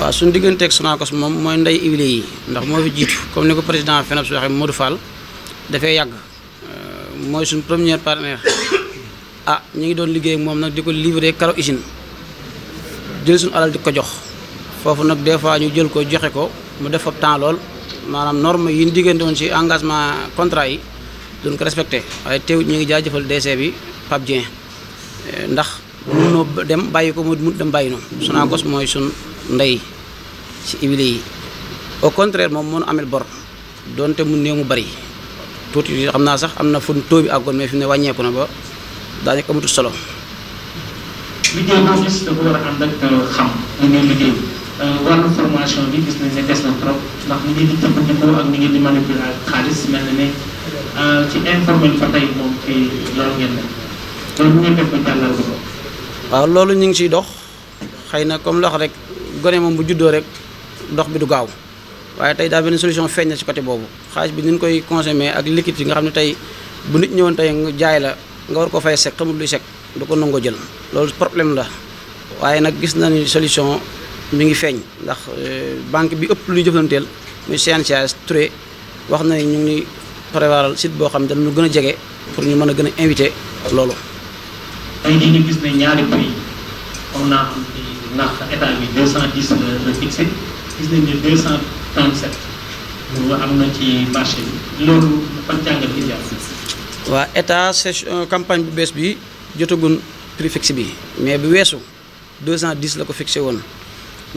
waaw suñu digganteeg Sonacos moom mooy ndey huiliers yi ndax moo fi jiitu comme ni ko président FENAPS waxee Modou Fall dafay yàgg euh, mooy suñ premier partenaire ah ñu ngi doon liggéey moom nag di ko livrer karo usine jël suñu alal di ko jox foofu nag des fois ñu jël ko joxe ko mu def fa temps lool maanaam norme yi ñu diggante woon ci engagement contrat yi duñ ko respecté waaye teewut ñu ngi jaajëfal DC bi Pape Dieng euh, ndax mun noo dem bàyyi ko mu dem bàyyi noonu mooy suñ ndey ci ibile yi au contraire moom mënu amel donte mu néew mu bari tuuti xam naa sax am na fu taux bi fi mu na ba daanaka amatul solo. Euh, euh, bi gis na trop ndax ni ngeen di jëfandikoo ak ni ngeen di manipuler ak xaalis euh, waaw loolu ñu ngi ciy dox xëy na comme lox rek. gone moom bu juddoo rek ndox bi du gaaw waaye tey daa benn solution feeñ na ci côté boobu xaalis bi ni ñu koy consommer ak liquide yi nga xam ne tey bu nit ñëwoon tey jaay la nga war ko fay sec xamul luy sec du ko nangoo jël loolu problème la waaye nag gis na ni solution mi ngi feeñ ndax euh, banque bi ëpp luy jëflanteel muy CNCAS Touré wax na ni ñu ngi préparal site boo xam ne dañu gën a jege pour ñu mën a gën a invité loolu. tey xam naa am ndax état bi 210 nañ ci marché bi loolu fan waa état session euh, campagne bu bees bi jotagul prix bi mais bu weesu 210 la ko fixé woon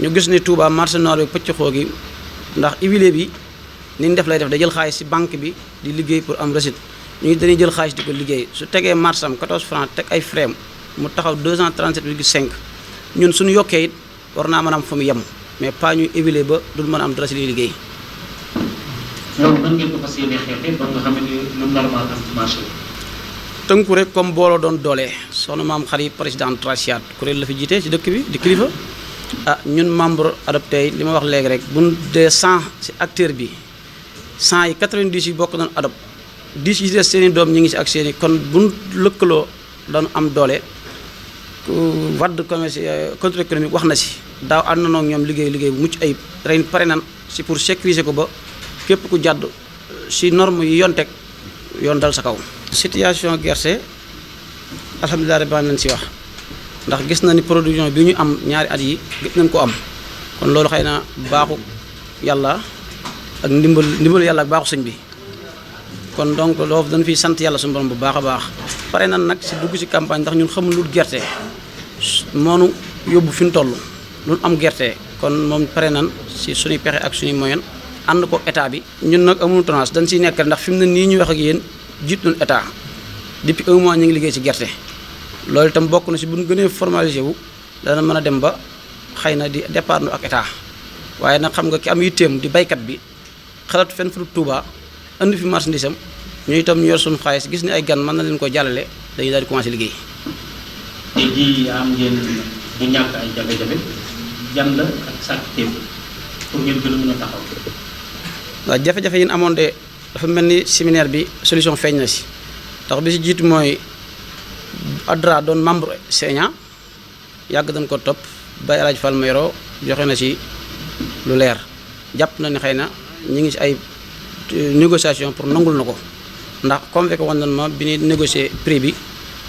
ñu gis ni Touba marché noor bi pëcc xoo gi ndax huilier bi ni ñu def lay def da jël xaalis si banque bi di liggéey pour am recette ñu ngi dañuy jël xaalis di ko liggéey su tegee marché am 14 francs teg ay frais mu taxaw 237 virgule 5 ñun suñu yokkee it war naa mën a am fa mu yem mais pas ñu évaluer ba duñ mën a am dara si liy liggéey. loolu mën xam ne lu normal am ci rek comme booloo doon doole soxna maam xarit président Traciat kuréel la fi jiite ci dëkk bi di kilifa. ah ñun membre adopté yi li ma wax léegi rek buñ dee 100 si acteur bi cent yi 90 yi bokk nañ adopté 10 yi des i doom ñu ngi si ak seen i kon buñ lëkkaloo dañu am doole. Euh, wadd commerce euh, contrôle économique wax na si daaw ànd na ñoom liggéey liggéey bu mucc ayib ren pare nan si pour sécuriser ko ba képp ku jàdd si euh, norme yi yoon teg yoon dal sa kaw. situation gerte alhamdulilah rabbi nañ si wax ndax gis na ni production bi ñu am ñaari at yi gis nañ ko am kon loolu xëy na baaxu yàlla ak ndimbal ndimbal yàlla ak baaxu sëñ bi kon donc loolu dañ fiy sant yàlla suñu bu baax a baax. paré nan nak si dugg ci campagne tax ñun xamul lu gerte monu yobbu fiñ tollu lu am gerte kon mom paré nan si suñu pexé ak suñu moyen and ko état bi ñun nak amul tonnage dañ ci nekk ndax fim ni ñu wax ak yeen jiit état depuis un mois ñi ngi liggé si gerte loolu tam bokku na si bu gëné formaliser wu da na mëna dem ba xëy di départ ak état waye nak xam nga ki am yitteem di baykat bi xalat frutuba fu Touba andi fi marchandisam ñu itam ñu yor suñu xaalis gis ne ay gan mën na leen ko jàllale dañuy daal di commencé liggéey. tey jafe-jafe jan la ak yi amoon de dafa mel ni séminaire bi solution feeñ na si ndax bi si jiit mooy ADRA doon membre senior yàgg dañ ko topp Baye El Hadj Fall joxe na si lu leer jàpp na ni xëy na ñu ngi si ay euh, négociation pour nangul na ko. ndax convoqué woon nañ ma bi ñuy négocier prix bi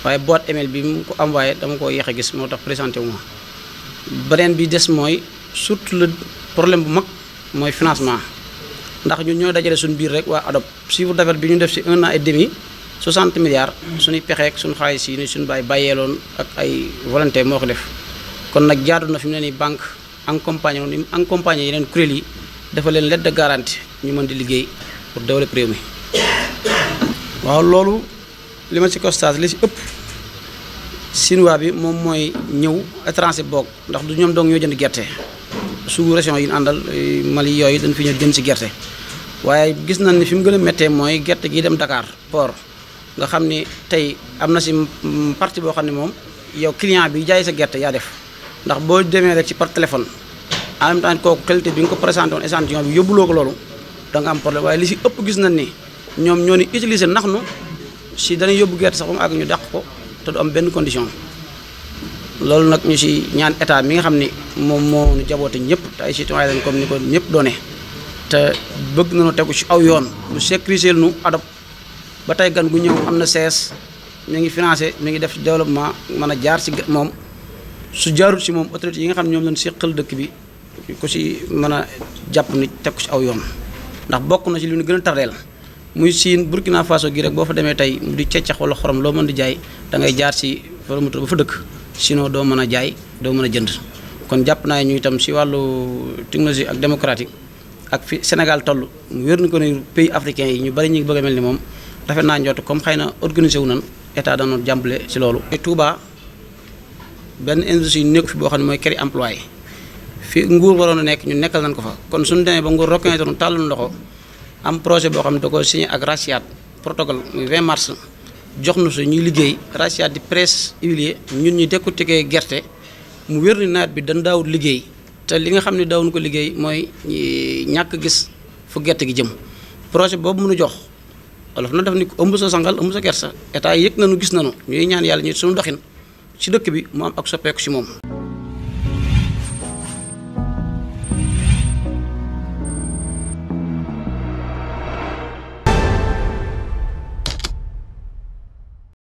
waaye boîte email bi mu ko envoyé dama ko yéex a gis moo tax présenté wu ma beneen bi des mooy surtout le problème bu mag mooy financement ndax ñun ñoo dajale suñu biir rek waa adop chiffre d'affaires bi ñu def si un an et demi 60 milliards suñuy pexeek suñu xaalis yi ni suñu bàyyi bàyyeeloon ak ay volonté moo ko def kon nag jaadu na fi mu ne nii banque encompagne woon ni mu accompagné yeneen kuréel yi dafa leen lettre de garantie ñu mën di liggéey pour développer réew mi waaw loolu li ma ci constat li si ëpp chinois bi moom mooy ñëw étranger boog ndax du ñoom dong ñoo jënd gerte sous-région yi àndal eh, Mali yooyu dañ fi ñëw jëm si gerte waaye gis nañ ni fi mu gën a méttee mooy gerte gi dem dakaar port nga xam ni tey am na ci partie boo xam ne moom yow client bi jaay sa gerte yaa def ndax boo demee rek ci par téléphone en même temps kooku qualité bi nga ko présenté woon échantillon bi yóbbuloo ko loolu da nga am problème waaye li ci ëpp gis nañ ni ñoom ñoo ni utiliser nax nu si dana yóbbu gerte sax ba mu ñu dàq ko te du am benn condition loolu nag ñu si ñaan état mi nga xam ni moom moo ñu jaboote ñëpp te ay citoyen lañ comme ni ko ñëpp doone te bëgg nañu tegu ci aw yoon lu sécuriser nu adop ba tey gan gu ñëw am na sees mi ngi financé mi ngi def développement mën a jaar si moom su jaarul si moom autorité yi nga xam ne ñoom lañ séqal dëkk bi ku si mën a jàpp ni teg ko ci aw yoon ndax bokk na si li ñu gën a tardeel muy siin Burkina Faso gi rek boo fa demee tey di ceccax wala xorom loo mën di jaay dangay jaar si promoteur ba fa dëkk sinon doo mën a jaay doo mën a jënd kon jàpp naa ñu itam si wàllu technologie ak démocratique ak fi Sénégal toll wér na ko ne pays africain yi ñu bari ñu ngi bëgg a mel ni moom rafet naa njot comme xëy na organisé wu nan état danoon jàmbale si loolu Touba benn industrie nekk fi boo xam ne mooy créer emploi fi nguur waroon a nekk ñu nekkal nañ ko fa kon suñu demee ba nguur reconnaître tàllun loxo am projet boo xam ne da ko signé ak Rasiat protocole muy 20 mars jox na su ñuy liggéey Rasiat di presse huilier ñun ñu décortiquer gerte mu wér ni naat bi dan daawul liggéey te li nga xam ne daawuñu ko liggéey mooy ñàkk gis fu gerte gi jëm projet boobu mënu jox olof na def ni ëmb sa sangal ëmb sa gerte état yëg nañu gis nañu ñuy ñaan yàlla ñu suñu doxin ci dëkk bi mu am ak soppeeku ci moom